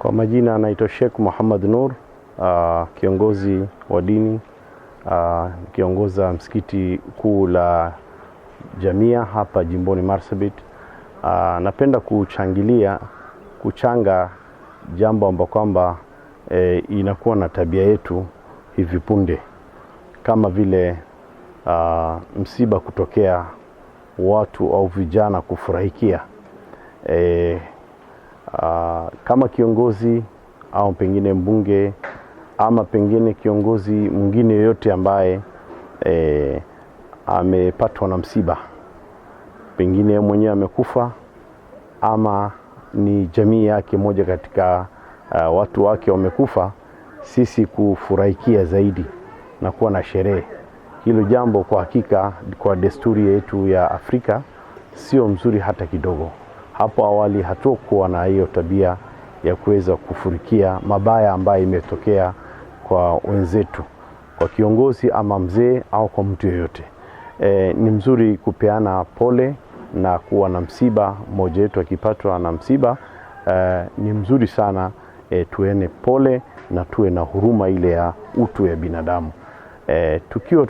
Kwa majina anaitwa Sheikh Muhammad Nur, uh, ah, kiongozi wa dini uh, kiongoza msikiti kuu la Jamia hapa jimboni Marsabit. Uh, napenda kuchangilia kuchanga jambo ambalo kwamba eh, inakuwa na tabia yetu hivi punde kama vile uh, msiba kutokea, watu au vijana kufurahikia eh, Ah, kama kiongozi au pengine mbunge ama pengine kiongozi mwingine yoyote ambaye e, amepatwa na msiba, pengine mwenyewe amekufa ama ni jamii yake moja katika uh, watu wake wamekufa, sisi kufurahikia zaidi na kuwa na sherehe. Hilo jambo kwa hakika, kwa desturi yetu ya Afrika sio mzuri hata kidogo. Hapo awali hatukuwa na hiyo tabia ya kuweza kufurikia mabaya ambayo imetokea kwa wenzetu, kwa kiongozi ama mzee au kwa mtu yeyote. E, ni mzuri kupeana pole na kuwa na msiba, mmoja wetu akipatwa na msiba e, ni mzuri sana e, tuene pole na tuwe na huruma ile ya utu ya binadamu. E, tukiwa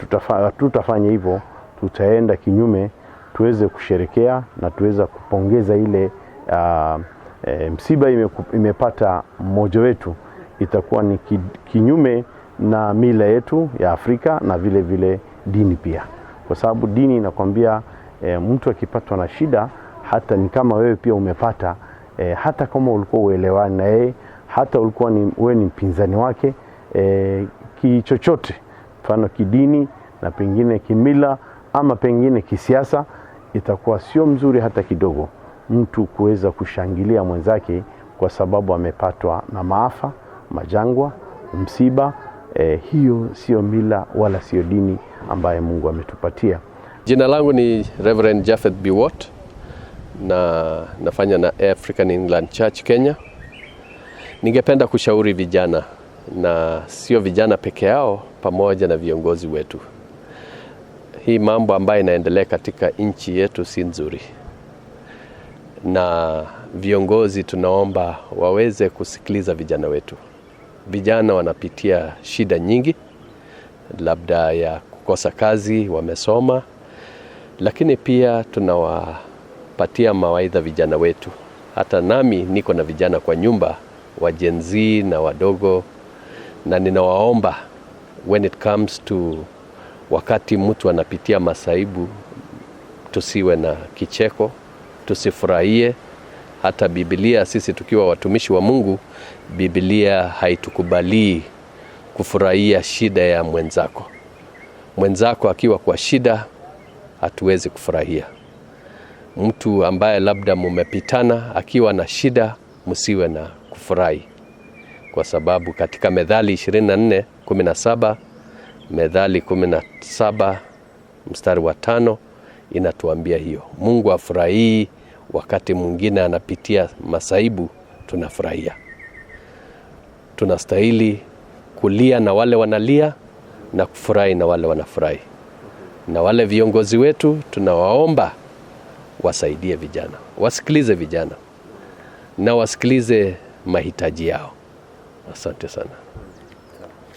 tutafanya hivyo tutaenda kinyume tuweze kusherekea na tuweza kupongeza ile uh, e, msiba ime, imepata mmoja wetu, itakuwa ni kinyume na mila yetu ya Afrika na vile vile dini pia, kwa sababu dini inakwambia e, mtu akipatwa na shida hata ni kama wewe pia umepata e, hata kama ulikuwa uelewani na yeye hata ulikuwa ni, wewe ni mpinzani wake e, kichochote mfano kidini na pengine kimila ama pengine kisiasa itakuwa sio mzuri hata kidogo mtu kuweza kushangilia mwenzake kwa sababu amepatwa na maafa, majangwa, msiba. Eh, hiyo sio mila wala sio dini ambaye Mungu ametupatia. Jina langu ni Reverend Japheth Biwot na nafanya na African England Church Kenya. Ningependa kushauri vijana na sio vijana peke yao, pamoja na viongozi wetu hii mambo ambayo inaendelea katika nchi yetu si nzuri, na viongozi tunaomba waweze kusikiliza vijana wetu. Vijana wanapitia shida nyingi, labda ya kukosa kazi, wamesoma, lakini pia tunawapatia mawaidha vijana wetu. Hata nami niko na vijana kwa nyumba, wajenzii na wadogo, na ninawaomba when it comes to Wakati mtu anapitia masaibu, tusiwe na kicheko, tusifurahie. Hata Biblia, sisi tukiwa watumishi wa Mungu, Biblia haitukubalii kufurahia shida ya mwenzako. Mwenzako akiwa kwa shida, hatuwezi kufurahia. Mtu ambaye labda mumepitana akiwa na shida, msiwe na kufurahi, kwa sababu katika Methali 24:17 Methali 17 mstari wa tano inatuambia hiyo. Mungu afurahii wakati mwingine anapitia masaibu, tunafurahia. Tunastahili kulia na wale wanalia na kufurahi na wale wanafurahi. Na wale viongozi wetu tunawaomba wasaidie vijana, wasikilize vijana na wasikilize mahitaji yao. Asante sana.